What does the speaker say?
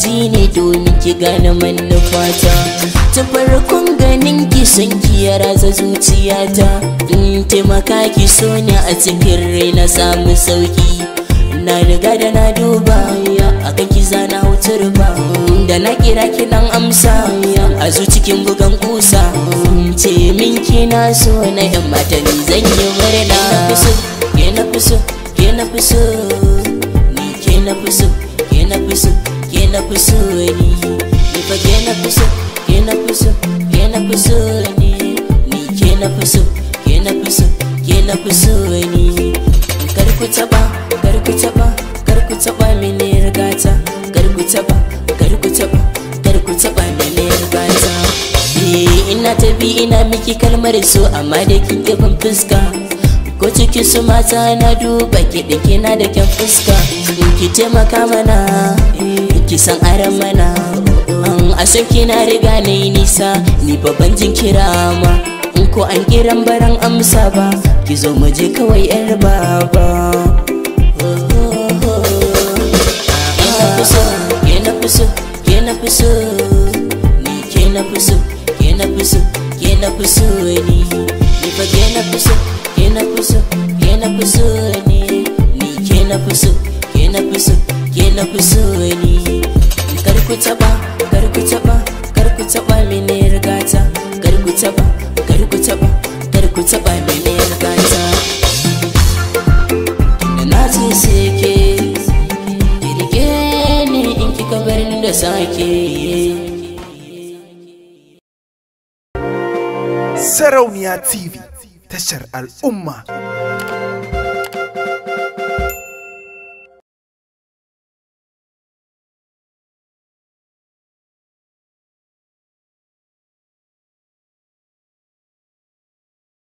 ji ne domin ki gane manufata ta farkon ganin ki san ki ya raza zuciyata in taimaka ki so ne a cikin rai na samu sauki na riga da na duba ya akan ki zana wutar ba da na kira ki nan amsa ya a cikin bugan kusa ce min na so na yan mata ni zan yi murna ke na fi so ke na fi so ni ke na fi so ke na fi so ke na fi so ni ni fa ke na fi so ke na fi so ke na fi so ni ni ke na fi so ke na fi so ke na fi so ni kar ku taba kar ku taba kar ku taba mini rigata kar ku taba kar ku taba kar ku taba mini rigata eh ina bi ina miki kalmar so amma da kin ban fuska ko cikin su mata na duba kiɗi kina da kyan fuska ki taimaka mana kisan aramana an ashe kina riga na nisa ni babban jin kira in ko an kiran baran amsa ba ki zo mu je kawai yar baba Kena pusu, kena pusu, kena pusu, kena pusu, kena pusu ni. Ni fa kena pusu, kena pusu, kena pusu ni. Ni kena pusu, kena pusu. ke na fi so ni kar ku taba kar ku taba kar ku taba mini rigata kar ku taba kar ku taba kar ku taba mini rigata na ce sai ke kirge ni in ki bar da sake Sarauniya TV tashar al'umma